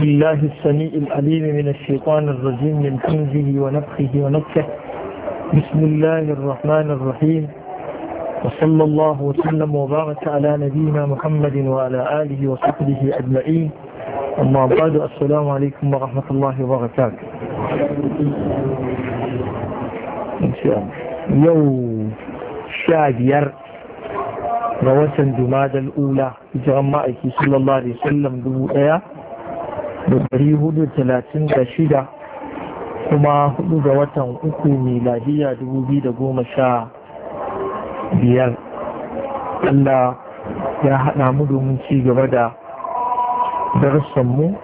بالله السميع العليم من الشيطان الرجيم من حمزه ونفخه ونفخه بسم الله الرحمن الرحيم وصلى الله وسلم وبارك على نبينا محمد وعلى آله وصحبه أجمعين أما بعد السلام عليكم ورحمة الله وبركاته إن شاء الله يو شابير روسن watan الأولى al'ula صلى الله عليه وسلم wasallam dubu da ɗari hudu da shida kuma hudu ga watan uku miladiya dubu biyu biyar Allah ya haɗa mu domin ci gaba da darussanmu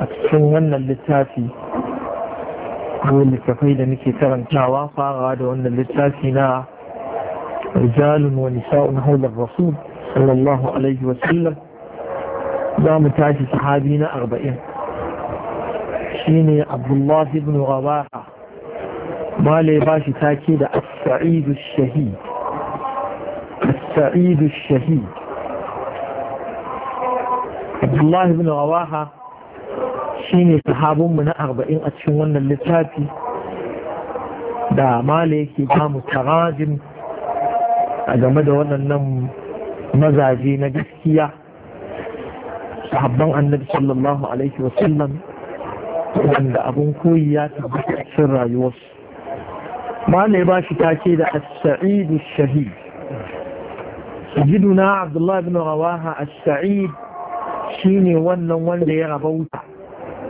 a cikin wannan littafi ko littafai da muke karantawa farawa da wannan littafi na rijalun wa nisa'un haular rasul sallallahu alaihi wasallam za mu tashi sahabi na arba'in shine abdullahi ibn rawaha malai ba shi take da as-sa'idu shahid as-sa'idu shahid abdullahi ibn rawaha shine sahabinmu na arba'in a cikin wannan littafi da mala yake bamu tarajin a game da waɗannan mazaje na gaskiya sahabban annabi sallallahu alaihi wasallam wanda abin koyi ya tabbata a cikin rayuwarsu malai ba shi take da as-sa'idu shahid سجدنا عبد الله بن رواها السعيد ya ونن sa'ada يربوتا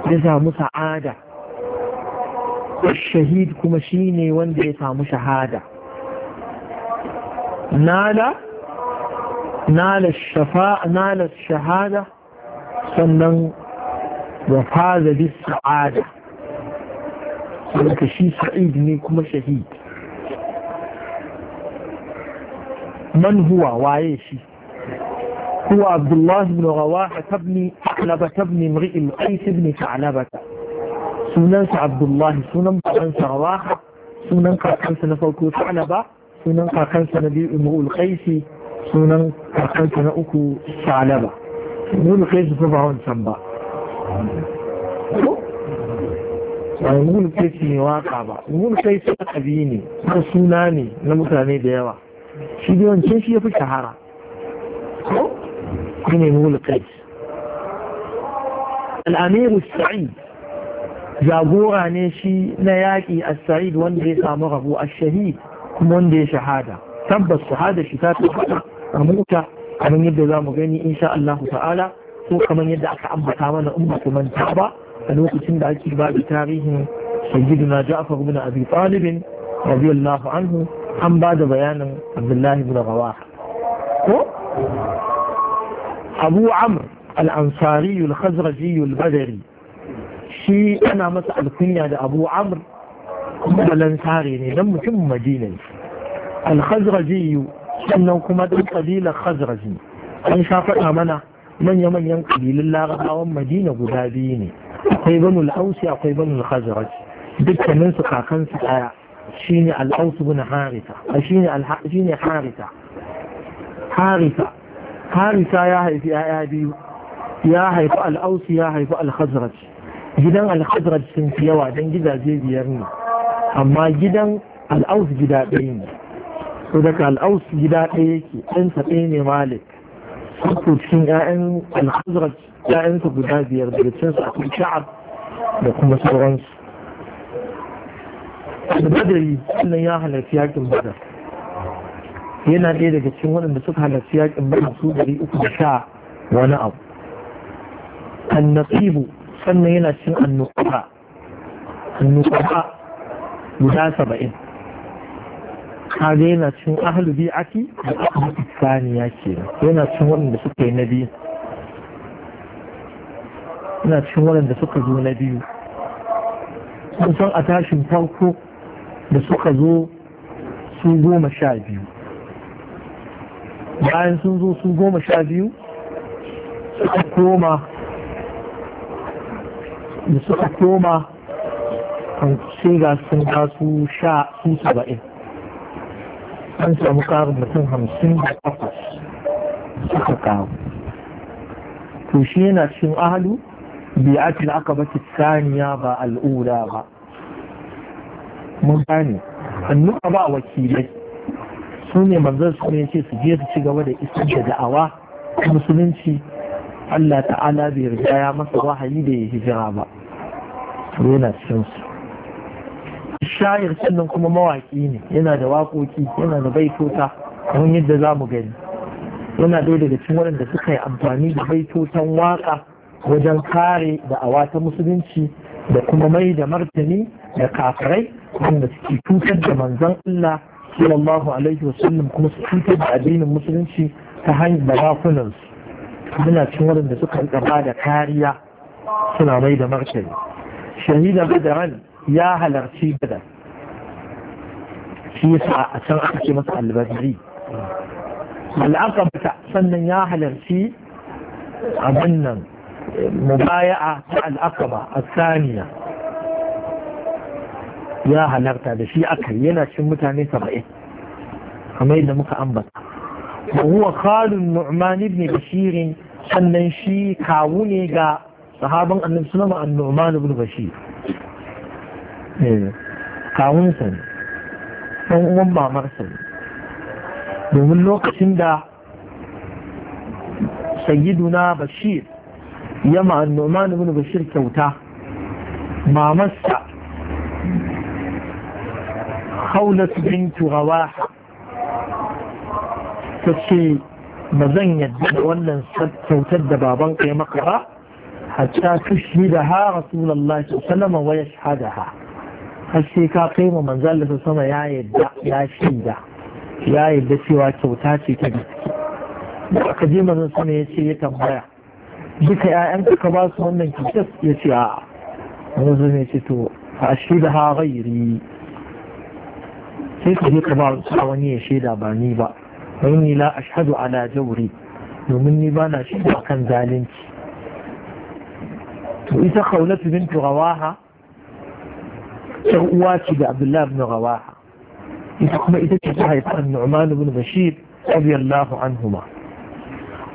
يسا مسعادة kuma كما شيني ونن يسا shahada نال نال الشفاء نال sannan wafaza bi sa'ada wanda shi sa'id ne kuma shahid manhuwa waye shi huwa abdullah ibn rawaha tabni ahlaba tabni mri'il qais ibn ta'labata sunan sunan baban sa sunan kakan na farko ta'laba sunan kakan na biyu mri'il qais sunan kakan na uku ta'laba nuru kai su ba wancan ba wani nuru kai su ne waka ba nuru kai su abi ne na suna ne na mutane da yawa shi da wancan shi ya fi shahara shi ne nuru kai al'amiru sa'id jagora ne shi na yaƙi a sa'id wanda ya samu rabu a shahid kuma wanda ya shahada tabbas shahada shi ta tabbata a mota kamar yadda za mu gani insha Allah ta'ala ko kamar yadda aka ambata mana in ba manta ba a lokacin da ake ba da tarihin sayyidina Ja'far ibn Abi Talib radiyallahu anhu an ba da bayanin Abdullahi ibn Rawaha ko Abu Amr al-Ansari al-Khazraji al-Badri shi ana masa alkunya da Abu Amr kuma lansare ne dan mutum Madina al-Khazraji sannan kuma ɗan ƙabilar khazraj ne an sha faɗa mana manya-manyan ƙabilun larabawan madina guda biyu ne akwai banu al'ausi akwai banu al-khazraj dukkanin su kakan su ɗaya shine al-aus bin harita shine shine harita harita harita ya haifi ƴaƴa biyu ya haifi al ya haifi al-khazraj gidan al-khazraj sun fi yawa dan gidaje biyar ne amma gidan al gida ɗaya ne so daga al'aus gida ɗaya yake ɗansa ɗaya ne malik sarko cikin ƴaƴan alhazrat ƴaƴansa guda biyar daga cikin su akwai sha'ab da kuma sauransu badari sannan ya halarci yakin badar yana ɗaya daga cikin waɗanda suka halarci yakin badar su ɗari uku da sha wani abu annasibu sannan yana cin annukuha annukuha guda saba'in kaga yana cin ahlu ake da ahlu ya ke yana cin waɗanda suka yi na biyu yana cin waɗanda suka zo na biyu sun san a tashin farko da suka zo su goma sha biyu bayan sun zo su goma sha biyu suka koma da suka koma kan sai ga sun ga su sha su saba'in an samu karin mutum hamsin da takwas suka kawo to shi yana cikin ahalu bi'atul aqabati saniya ba al'ura ba mun gane a ba wakilai su ne manzon su ne ce su je su ci gaba da isar da da'awa musulunci Allah ta'ala bai riga ya masa wahayi da ya hijira ba yana cikin su shayar sannan kuma mawaki ne yana da waƙoƙi yana da baitota kamar yadda za mu gani yana ɗaya daga cikin waɗanda suka yi amfani da baitotan waƙa wajen kare da awa ta musulunci da kuma mai da martani da kafirai wanda suke cutar da manzon Allah sallallahu alaihi wasallam kuma su cutar da addinin musulunci ta hanyar da su suna cin waɗanda suka yi ba da kariya suna mai da martani shahida badaran ya halarci badar shi yasa a can aka ce masa albadari bata sannan ya halarci abin nan mubaya'a ta a saniya ya halarta da shi aka yana cin mutane saba'in kamar yadda muka ambata ba huwa khalun nu'man ibn bashir sannan shi kawu ne ga sahaban annabi sallama an-nu'man ibn bashir Eh, kawunsa ne ɗan uwan mamarsa ne domin lokacin da sayyiduna bashir ya ma'annoman ibn bashir kyauta mamarsa haulat bintu turawa ta ce ba zan yadda da wannan kyautar da baban kai makara? ba hatta da ha rasulallah sallama wa ya shahada ha har sai ka kai wa manzan da sama ya yadda ya shaida ya yadda cewa kyauta ce ta gaske da aka je manzan sama ya ce ya tambaya duka ƴaƴan ka ba su wannan kyautar ya ce a'a manzan ya ce to a shaida ha ghairi sai ka je ka ba su wani ya shaida ba ni ba wani la ashhadu ala jawri domin ni ba na shaida akan zalunci to ita kaulatu bintu rawaha ‘yan uwa ce da Abdullahi ibn Rawaha ita kuma ita ce ta haifi numan ibn Bashir radiyallahu anhuma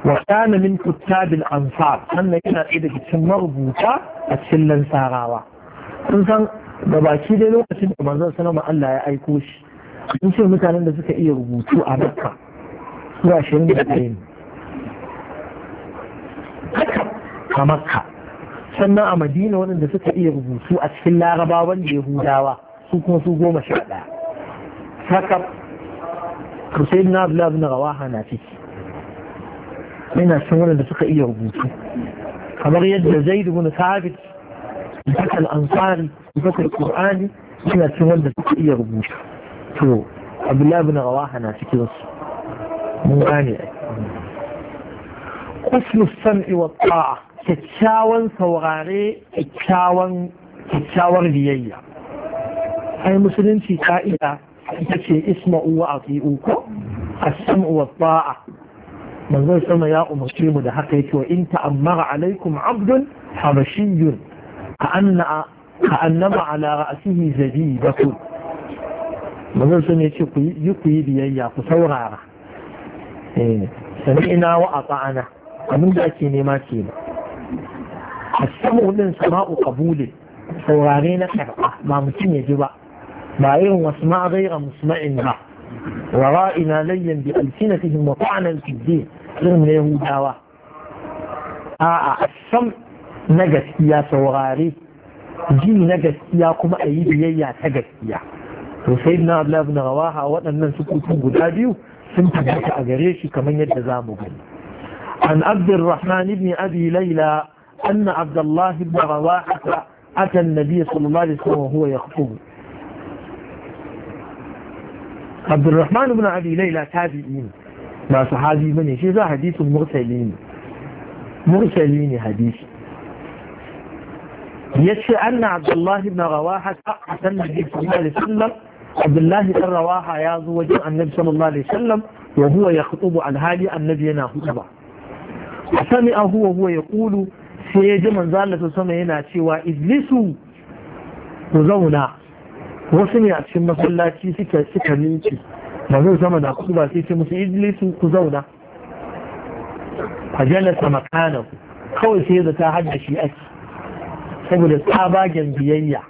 wa kana min kuttabil ansar sannan yana ɗaya daga cikin marubuta a cikin lansarawa sun san da baki dai lokacin da manzon sanama Allah ya aiko shi sun ce mutanen da suka iya rubutu a Makka su ɗaya ne a Makka sannan a madina waɗanda suka iya rubutu a cikin larabawan da yahudawa su kuma su goma sha ɗaya haka kusaid na abu labin rawaha na ciki yana cikin waɗanda suka iya rubutu kamar yadda zai zaidu bin sabit zaka al'ansari zaka al'ur'ani yana cikin wanda suka iya rubutu to abu labin rawaha na su, mun gane ai قسم السمع والطاعة kyakkyawan saurare kyakkyawar biyayya ai musulunci ka'ida ita ce isma'u wa ati'u ko a samu wa ta'a manzon sama ya umarci mu da haka yake wa in ta'ammara alaikum abdun habashiyyun ka'anna ka'annama ala ra'sihi zabibatu manzon sama yace ku yi ku yi biyayya ku saurara eh sami'na wa ata'ana abin da ake nema kenan asamu din sama'u qabulin saurare na karɓa ba mutum ya ji ba ba irin wasu ma gaira musma'in ba wa ra'ina layyan bi alsinatihim wa ta'anan kwanan irin na yahudawa a'a sam na gaskiya saurare ji na gaskiya kuma a yi biyayya ta gaskiya to sai na abu na rawaha waɗannan sukutun guda biyu sun fi a gare shi kamar yadda za mu gani عن عبد الرحمن بن أبي ليلى أن عبد الله بن رواحة أتى النبي صلى الله عليه وسلم وهو يخطب عبد الرحمن بن أبي ليلى تابعين ما صحابي بني شيء ذا حديث مرسلين مرسلين حديث يشي أن عبد الله بن رواحة أتى النبي صلى الله عليه وسلم عبد الله بن رواحة يازو وجه النبي صلى الله عليه وسلم وهو يخطب عن هذه النبي ينا خطبه sami a huwa huwa ya ƙulu sai ya ji manzo Allah ta sama yana cewa iblisu ku zauna wasu ne a cikin masallaci suka suka minci manzo sama na kudu sai ce musu iblisu ku zauna fajalasa makanahu kawai sai da ta haddashi ake saboda tsabagen biyayya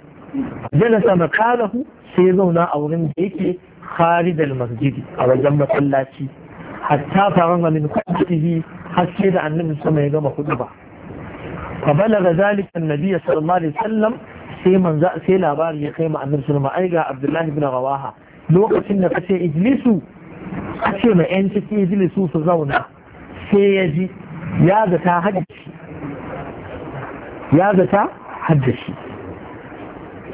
fajalasa makanahu sai zauna a wurin da yake kharijal masjidi a wajen masallaci hatta faran wani kwatihi haske da annabi sama ya gama hudu ba fa balaga zalika annabi sallallahu alaihi wasallam sai manzo sai labarin ya kai ma annabi sallallahu alaihi wasallam ai ga abdullahi ibn rawaha lokacin da kace ijlisu kace ma yan cikin ijlisu su zauna sai ya ji ya ga ta haddashi ya ga ta haddashi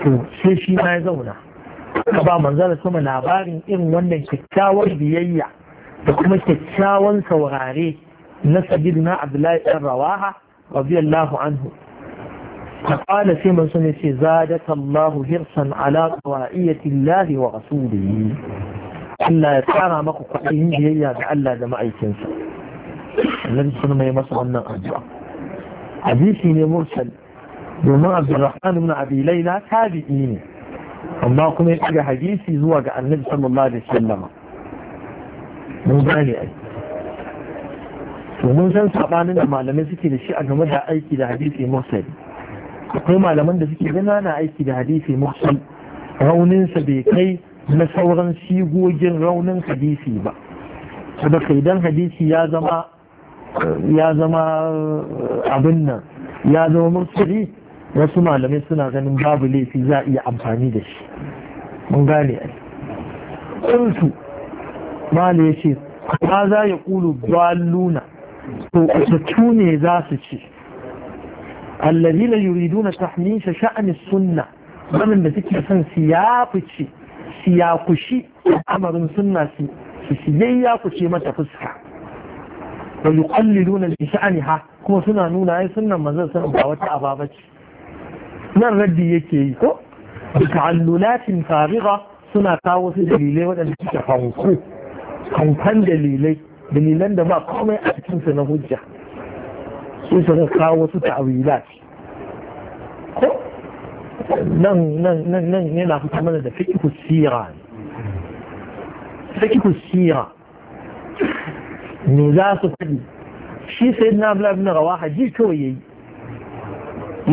to sai shi ma ya zauna ka ba manzo sama labarin irin wannan kyakkyawar biyayya da kuma kyakkyawan saurare na sabirina abdullahi ɗan rawaha rabi Allahu anhu faƙala sai mun sani ce za da kallahu hirsan alaƙa wa iya tillahi wa asu da yi Allah ya tsara maka kwaɗayin biyayya da Allah da ma'aikinsa Allah sun mai masa wannan addu'a hadisi ne mursal domin abdurrahman ibn abi laila tabi'i ne amma kuma ya tsaga hadisi zuwa ga annabi sallallahu alaihi wasallam mun gane ai to mun san sabanin da malamai suke da shi a game da aiki da hadisi mursal akwai malaman da suke gina na aiki da hadisi mursal rauninsa bai kai na sauran sigogin raunin hadisi ba saboda idan hadisi ya zama ya zama eh, abin nan ya zama mursali wasu malamai suna ganin babu laifi za a iya amfani da shi mun gane ai kuntu mala yace ma za ya kulu gwaluna. su ne za su ci allazina na tahmisha sha'anin sunna wannan da suke son siyakuci siyakushi amarin sunna su su siyayya ku mata fuska wa yuqalliluna li ha. kuma suna nuna ai suna mazan sun ba wata ababa nan raddi yake yi ko ta'allulatin farigha suna kawo su dalilai waɗanda suke fanko fankan dalilai dalilan da ba komai a cikinsa na hujja sai su kawo wasu ta'awilat ko nan nan nan nan yana fita mana da fiqh sira fiqh sira ne za su fadi shi sai na abla ibn rawa ji kawai yayi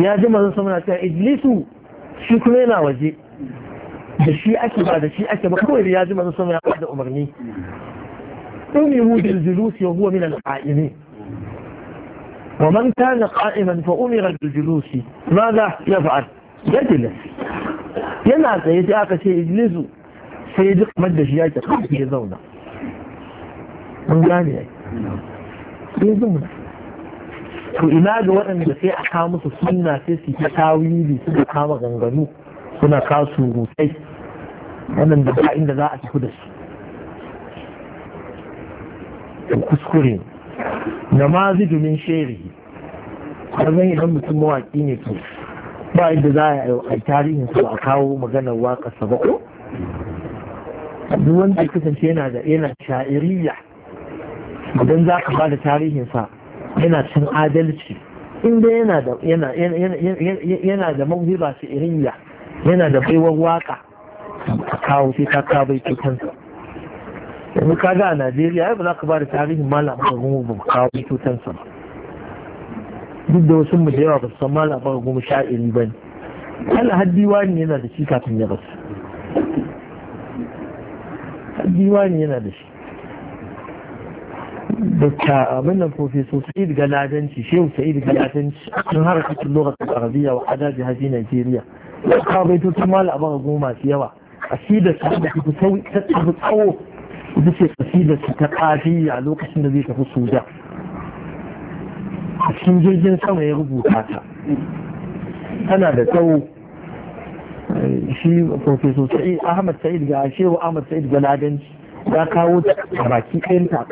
ya ji mazan sama ta ijlisu shi kuma yana waje da shi ake ba da shi ake ba kawai ya ji mazan sama ya da umarni أمر بالجلوس وهو من القائمين ومن كان قائما فأمر بالجلوس ماذا يفعل يجلس ينعز يتعاك سيجلس سيدق مدى شيئا خلق يزونا من جانعي يعني؟ يزونا فإما جوانا من في أحامة سنة سيسي تتاويلي سنة أحامة غنغنو سنة كاسو روسي أنا من دبعين لذاعة كدس kuskure na ma min sheri zan idan mutum mawaƙi ne to ba inda za a yi tarihin su a kawo maganar waƙa ba ko duk yana da yana sha'iriya idan za ka bada tarihin sa yana cin adalci inda yana da yana yana da irin ya yana da baiwar waka a kawo sai ka kawo bai yanzu ka ga a najeriya ya za ka ba da tarihin mala a gumu ba kawo cutar ba duk da wasu mu da yawa ba su san malam abar gumu sha'iri ba ne kala haddiwa ne yana da shi kafin ya basu haddiwa ne yana da shi da abin nan profesor sa'id galadanci shehu sa'id galadanci sun harakatun lokacin arabiya wa adabi haji Najeriya, ya kawo baitutun malam abar gumu masu yawa a shi da tafi tsawo ita ce su ta kafi a lokacin da zai tafi soja. a cikin jirgin sama ya rubuta ta tana da tsawo shi profesor sa'id ahmad sa'id ga shehu ahmad sa'id Ladan ya kawo ta baki ɗayanta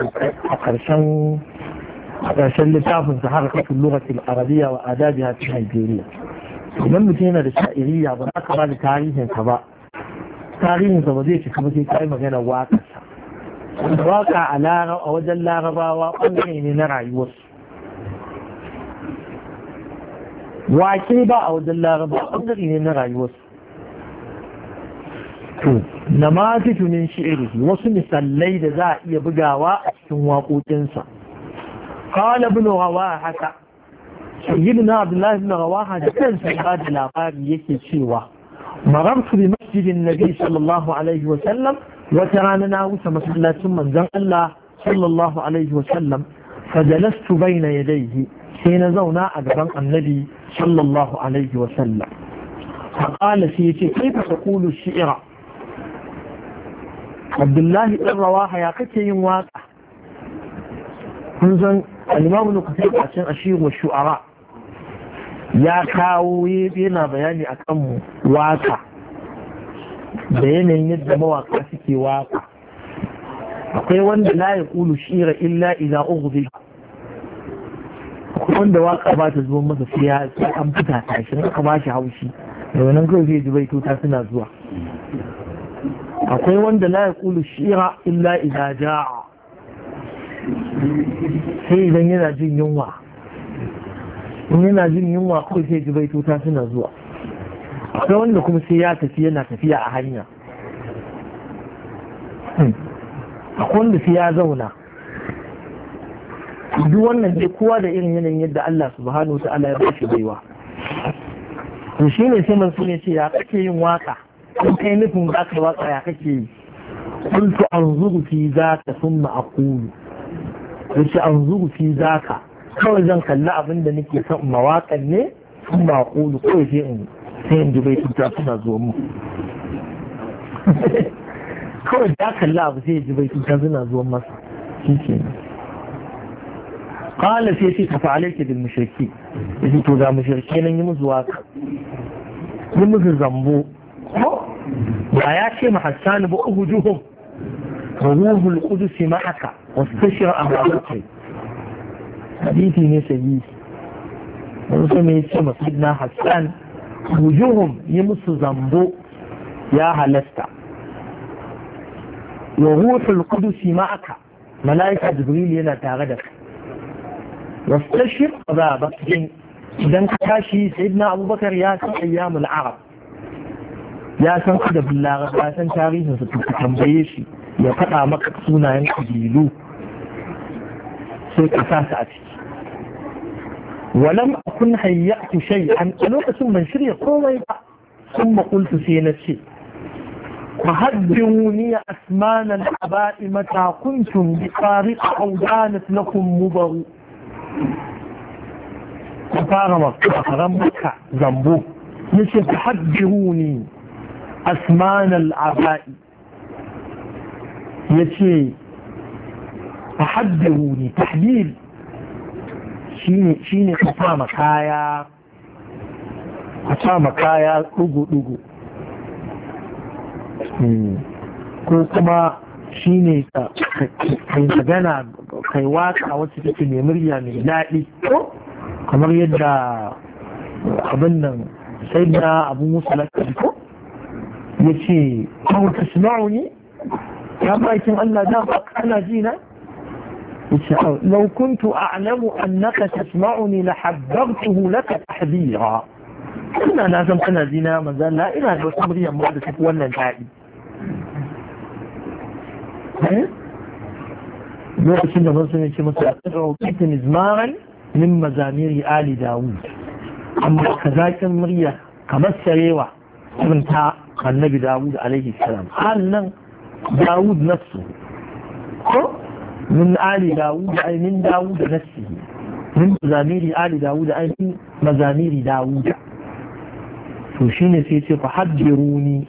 a ƙarshen a ƙarshen littafin sa har kafin lokacin arabiya wa adabi a cikin nigeria idan mutum yana da sha'iriya ba za ka ba da tarihinsa ba tarihinsa ba zai cika ba sai ka yi magana waka waka a wajen larabawa ɓangare ne na rayuwarsu wake ba a wajen larabawa ɓangare ne na rayuwarsu to na mafi tunin shi'iri wasu misalai da za a iya bugawa a cikin waƙoƙinsa kawala bin rawa haka sayyidina abdullahi bin rawaha da kansa ya da labari yake cewa marartu bi masjidin nabi sallallahu alaihi wa sallam wata rana na wuce masallacin manzon Allah sallallahu alaihi wa sallam fajalastu baina yadayhi sai na zauna a gaban annabi sallallahu alaihi wa sallam فقال سيتي كيف تقول الشعر عبد الله بن رواحه يا كتي واقع kunzan alimamu da kusa a cin ashirin shu'ara ya kawo yana bayani akan waka da yanayin yadda mawaka suke waka akwai wanda la ya kulu shira illa idan ughdi akwai wanda waka ba ta zuwa masa sai ya an fita ta shi aka ba shi haushi da wani kawai zai ji baitota suna zuwa akwai wanda la ya kulu shira illa idan ja'a sai idan yana jin yunwa in yana jin yunwa kawai sai ji baitota suna zuwa akwai wanda kuma sai ya tafi yana tafiya a hanya hmm. akwai wanda sai ya zauna duk wannan dai kowa da irin yanayin yadda Allah subhanahu wa ta'ala ya ba shi baiwa to shi ne sai mansu ne ce ya kake yin waka in kai nufin za ka waka ya kake yi قلت أنظر في ذاك ثم an قلت أنظر za ka. kawai zan kalli abin da nake son mawakan ne sun ba ƙulu kawai in sai in ji bai tuta suna zo mu kawai da kalla abu sai ji bai tuta suna zo masa shi ke kala sai sai tafi alaiki da mushirki ya ce to ga mushirki nan yi musu waka yi musu zambo ba ya ce ma hassan ba ugu juhun ruhul kudusi ma'aka wasu tashiyar abu hadisi ne sahihi wasu mai ce masudna hassan wujuhum yi musu zambo ya halasta wa ruhul qudusi ma aka malaika jibril yana tare da kai wastashir ba idan ka tashi sayyidina abubakar ya san ayyamul arab ya san da laraba ya san tarihin su tambaye shi ya faɗa maka sunayen kabilu sai ka sa su a ciki ولم أكن هيأت شيئا ألوك ثم انشري قوي ثم قلت في نفسي فهدوني أثمان الآباء متى كنتم بفارق أو كانت لكم مبغ فقال مكة رمك ذنبو نسي فهدوني أثمان الآباء يسي فحدوني تحليل shi ne ka sa makaya a sa makaya ɗugu-ɗugu hmm. ko kuma shi ne kai magana kai waka wacce take mai murya mai daɗi kamar yadda abin nan sai na abu musu lakari ko ya ce kawo ta ne ya ba bakin Allah da ba ji na لو كنت أعلم أنك تسمعني لحذرته لك تحذيرا ina na san kana zina manzan la ina da wasu muryar ma da tafi wannan daɗi lokacin da masu ne ce masu a tsara hukuntun izmaran min mazamiri ali dawud amma ka zaƙin murya kamar sarewa irin ta annabi dawud alaihi salam nan من آل داود أي من داود نفسه من مزامير آل داود أي من مزامير داود فشين سيتي فحجروني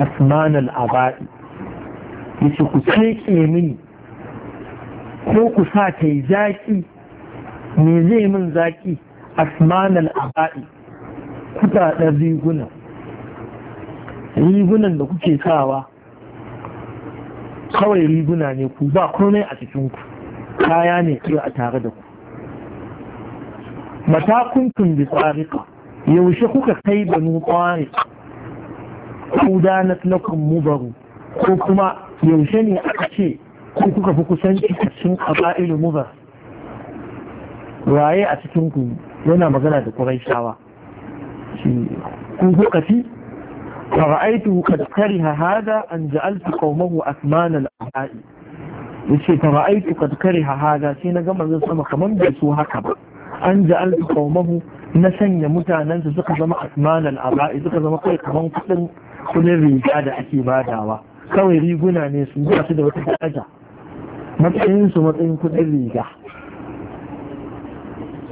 أثمان الأباء yace ku tsaye mini ko ku sa ta yi zaki me zai min zaki asmanal aba'i kudaden riguna rigunan da kuke sawa kawai riguna ne ku ba komai a cikin ku kaya ne ke a tare da ku mata kuntum bi tsarika yaushe kuka kai banu tsari kudanat lakum mubaru ko kuma yaushe ne aka ce ko kuka fi kusanci a cikin mu ba waye a cikinku yana magana da shawa? ku kuka fi فرأيته قد كره هذا أن جعلت قومه أثمان الأعداء yace fara'aitu qad kariha hada sai na ga manzon sama kaman bai so haka ba an ja'altu qaumahu na sanya mutanen su suka zama asman al-aba'i suka zama kai kaman kudin riga da ake badawa kawai riguna ne su ba da wata daraja matsayin su matsayin kudin riga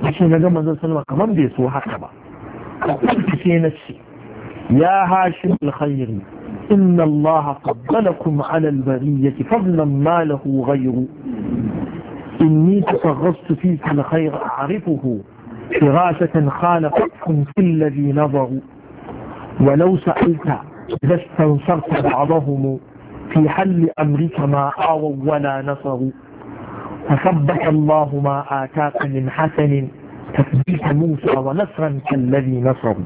yace na ga manzon sama kaman bai so haka ba sai na ce يا هاشم الخير إن الله فضلكم على البرية فضلا ما له غير إني تفرست فيك الخير أعرفه فراسة خالقتكم في الذي نظروا ولو سألت إذا استنصرت بعضهم في حل أمرك ما آووا ولا نصروا فثبت الله ما آتاك من حسن تفديح موسى ونصرا كالذي نصره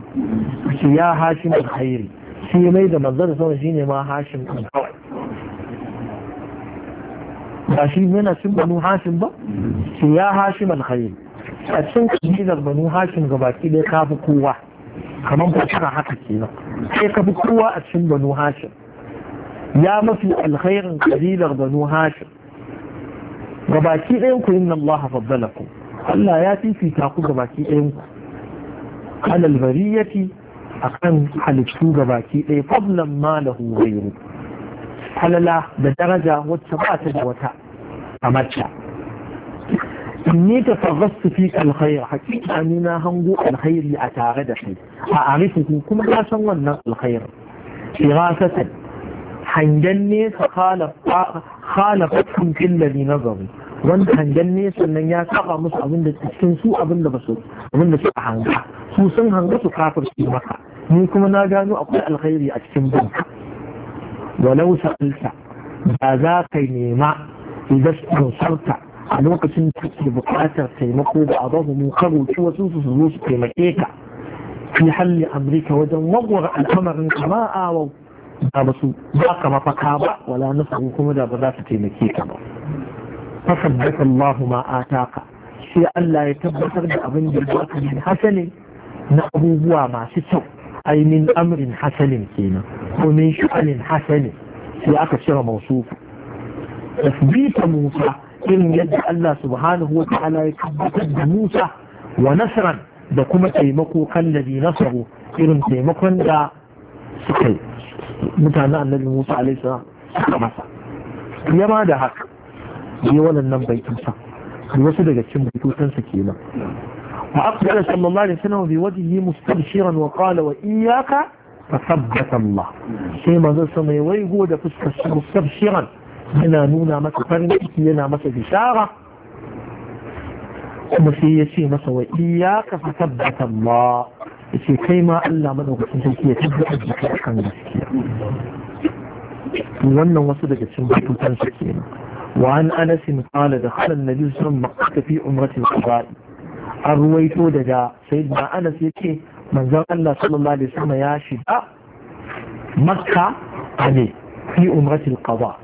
يا هاشم الخير في ميدا منظر صنعيني ما هاشم الخير هاشم من اسم بنو هاشم با يا هاشم الخير اسم كبير بنو هاشم غباكي دي خاف قوة كما بكرة حقا كينا اي خاف قوة اسم بنو هاشم يا مفي الخير قليل بنو هاشم غباكي دي ان الله فضلكم Allah ya fifita ku gabaki ɗayan ku alal bariyati akan halittu gabaki ɗaya fadlan ma lahu ghayru halala da daraja wacce ba ta da wata a mace inni ta su fi alkhair hakika ni na hango alkhairi a tare da kai a arifuku kuma na san wannan alkhair firasatan hangen nesa khalafatun fil na nazaru wani hangen ne sannan ya kafa musu abin da cikin su abin da basu abin da suka hanga su sun hanga su kafir su maka ni kuma na gano akwai alkhairi a cikin banka walau sa'alta da za ka nema idan sarta a lokacin da kake buƙatar taimako da abahu mu karo wasu su zo su taimake ka fi halli amurka wajen wagwar al'amarin kama a da ba su ba ka mafaka ba wala nufin kuma da ba za su taimake ka ba فثبت الله ما آتاك sai Allah ya tabbatar da abin da ya baka min hasalin na abubuwa masu kyau ai min amrin hasalin kenan ko min shu'anin hasalin sai aka cire mausufu tasbita Musa irin yadda Allah subhanahu wa ta'ala ya tabbatar da Musa wa nasran da kuma taimako kan ladhi nasaru irin taimakon da suka yi mutanen annabi Musa alaihi salam suka masa yama da haka yi waɗannan baitunsa wasu daga cikin baitutansa kenan فأقبل صلى الله عليه وسلم بوجهه مستبشرا وقال وإياك فثبت الله سيما ذا سمي ويقول مستبشرا yana nuna masa farin ciki yana masa bishara kuma sai ya ce masa wa iyaka fa tabbata Allah yace kai ma Allah madaukakin sarki ya tabbata da kai kan gaskiya wannan wasu daga cikin batutan su kenan وعن أنس قال دخل النبي صلى الله عليه وسلم في عمرة القضاء أرويته دجا سيدنا أنس يكي من زر الله صلى الله عليه وسلم يا شداء مكة عليه في عمرة القضاء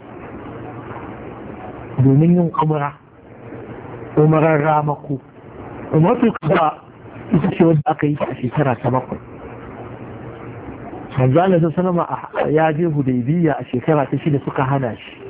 دومين عمرة عمرة رامكو عمرة القضاء ita ce wadda aka yi a shekara ta bakwai manzo Allah sallallahu alaihi wasallam ya je Hudaybiyya a shekara ta shida suka hana shi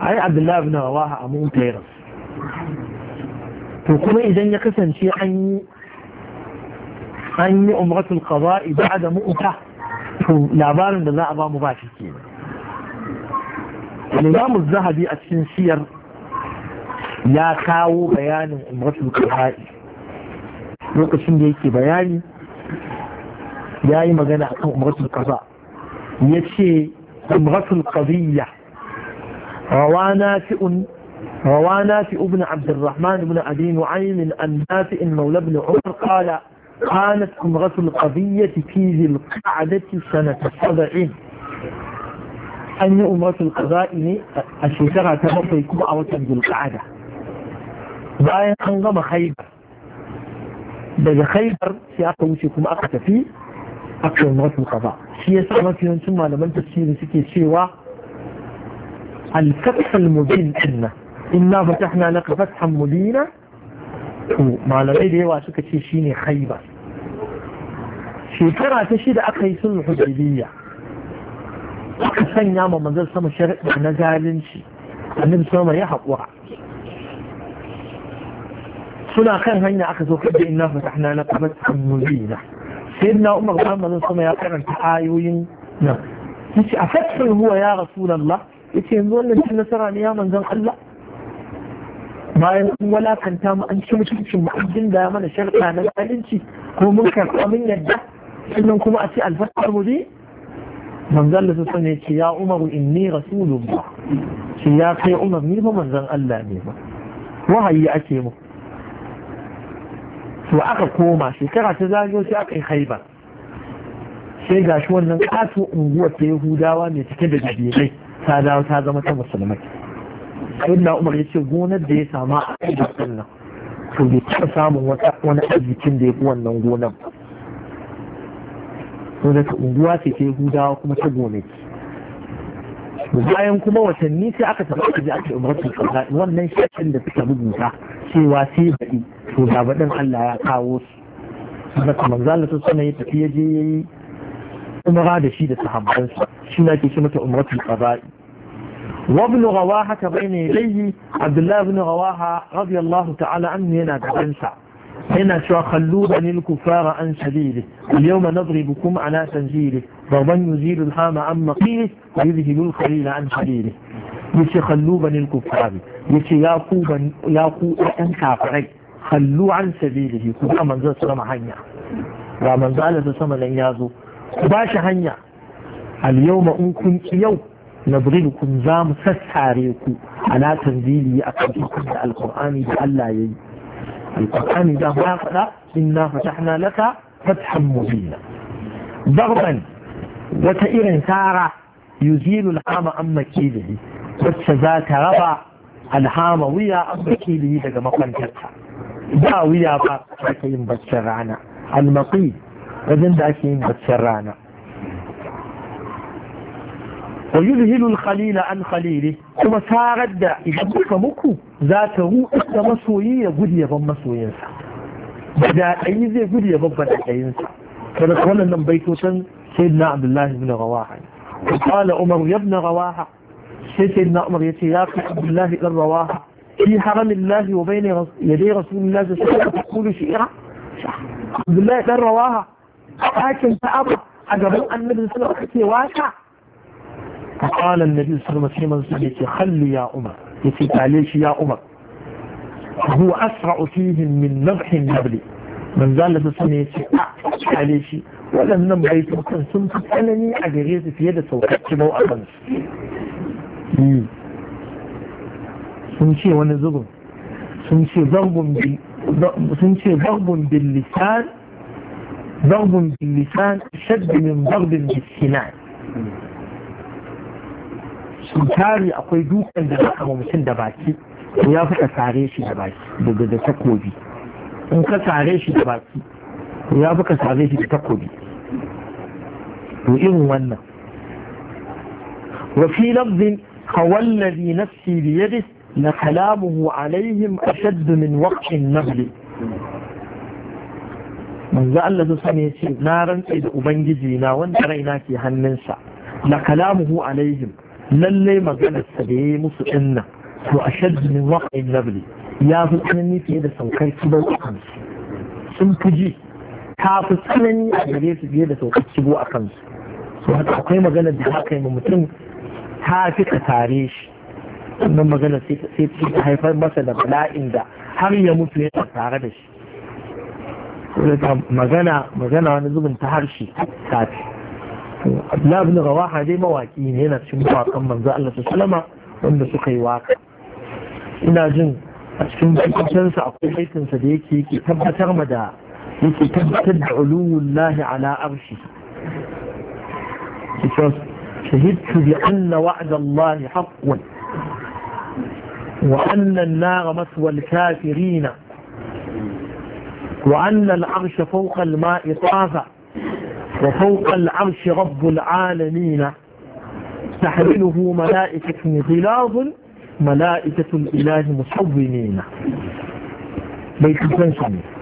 ai abdullahi na rawaha a mun to kuma idan ya kasance an yi an yi umratul qada'i ba'da mu'ta to labarin da za a ba mu ba shi kenan الإمام الذهبي السنسير يا كاو بيان أمرة القهاء lokacin da yake bayani ya yi magana a kan umaratul kaza ya ce umaratul kaziya روى نافئ روى بن عبد الرحمن بن أبي نعيم أن نافئ مولى بن عمر قال كانت أمرة القضية في ذي القعدة سنة سبعين أن أمرة القضاء الشيكرة تبطي كبعة ذي القعدة باين أنظم خيبر بل خيبر سيأتى وشيكم wuce kuma أكثر tafi aka yi rasul أكثر shi yasa mafi yawancin malaman الفتح المبين إنا إنا فتحنا لك فتحا مبينة ما لدي ديوا شكا تشيني خيبة شكرا تشيد أقيس الحجبية أقسن ياما منزل سما شرق بحنا زالين شي أنم سما يحق وعا سنا خير هين أقسو كبدي إنا فتحنا لك فتحا مبينة سيدنا أمك بحمد سما يا خير التعايوين نعم أفتح هو يا رسول الله yace yanzu wannan cin nasara ne ya manzon Allah bayan an walakanta mu an ci mutuncin mu an ya mana sharka na zalunci ko mun karɓa mun yadda sannan kuma a ce alfasar mu je manzon Allah sun ne ce ya umaru inni rasulullah ce ya kai umar ni ba manzon Allah ne ba wahayi ake mu to aka koma shekara ta zagayo sai aka yi haiba sai gashi wannan kasu unguwar ta yahudawa mai cike da jabirai ta dawo ta zama ta musulmai sayyidina umar ya ce gonar da ya sama a arzikin nan to bai taɓa samun wani arzikin da ya fi wannan gonar to da unguwa ce ta yahudawa kuma ta gonaki bayan kuma watanni sai aka taɓa aka ji aka umarci wannan shakin da suka rubuta cewa sai baɗi to da baɗin Allah ya kawo su da kuma zalata suna ya je ya yi umara da shi da sahabbansa shi ne ake ce mata وابن رواحة بين يديه عبد الله بن رواحة رضي الله تعالى عنه هنا تنسى هنا شو خلوني الكفار عن سبيله اليوم نضربكم على تنزيله ضربا يزيل الهام عن مقيله ويذهل الخليل عن خليله يشي خلوبني الكفار يشي ياقوبا ياقوب أن كافري خلو عن سبيله كما منزل سلام حنيا ومنزل سلام لن يازو باشا حنيا اليوم إن كنت يوم نضربكم زام فساريكم على تنزيلي أكبركم القرآن بألا يجي القرآن إذا ما فلا إنا فتحنا لك فتحا مبينا ضربا وتئر سارة يزيل الهام عن مكيده والسزاك ربع الهام ويا اما كيله دقى مقن كتها دا ويا باك فكين بسرانا المقيد وزن دا كين بسرانا ويذهل الخليل عن خليله كما سارد إذا بك مكو ذات روح مسوية قد يبن مسوية بدا أي زي قد يبن بدا أي فلك ولن بيتوتا سيدنا عبد الله بن رواحة وقال عمر يا ابن رواحة سيدنا عمر يتياك يا عبد الله بن رواحة في حرم الله وبين يدي رسول الله صلى الله عليه وسلم تقول شيئا عبد الله بن رواحة لكن فأبا أجبوا أن النبي صلى الله عليه وسلم فقال النبي صلى الله عليه وسلم خلي يا عمر يسيت عليك يا عمر هو أسرع فيهم من نبح النبل من ذا الذي صلى الله عليه ولم نبعي سوكا ثم تسألني أجريت في يد سوكا كما وأخنس sun ce wani zubin ضرب ce ضرب باللسان ضرب باللسان شد من ضرب بالسنان su tari akwai dukan da za a ma mutum da baki to ya fita sare shi da baki daga da takobi in ka sare shi da baki to ya fita sare shi da takobi to irin wannan وفي لفظ هو الذي نفسي بيده لكلامه عليهم أشد من وقع النبل manzo Allah su sani ce na rantse da ubangiji na wanda raina ke hannunsa na kalamuhu alaihim lallai maganarsa da ya yi musu inna to a shaddu min waƙa'in nabli ya fi tsanani fiye da saukar kibar a kansu sun fi ji ta fi tsanani a gare su fiye da saukar kibo a kansu so haka akwai maganar da haka yi mutum ta fi ka tare shi wannan maganar sai ta haifar masa da bala'in da har ya mutu yana tare da shi magana magana wani zubin ta harshe ta fi Abdullah ibn Rawaha dai mawaki ne yana cikin mawakan manzo Allah salama wanda suka yi waka ina jin a cikin cikinsa a baitinsa da yake yake tabbatar ma da yake tabbatar da uluwullahi ala arshi shahidtu bi anna Allah haqqun wa anna an-nar maswa al wa anna al-arsha fawqa al-ma'i tafa وفوق العرش رب العالمين تحمله ملائكة غلاظ ملائكة الإله مصومين بيت الفنسان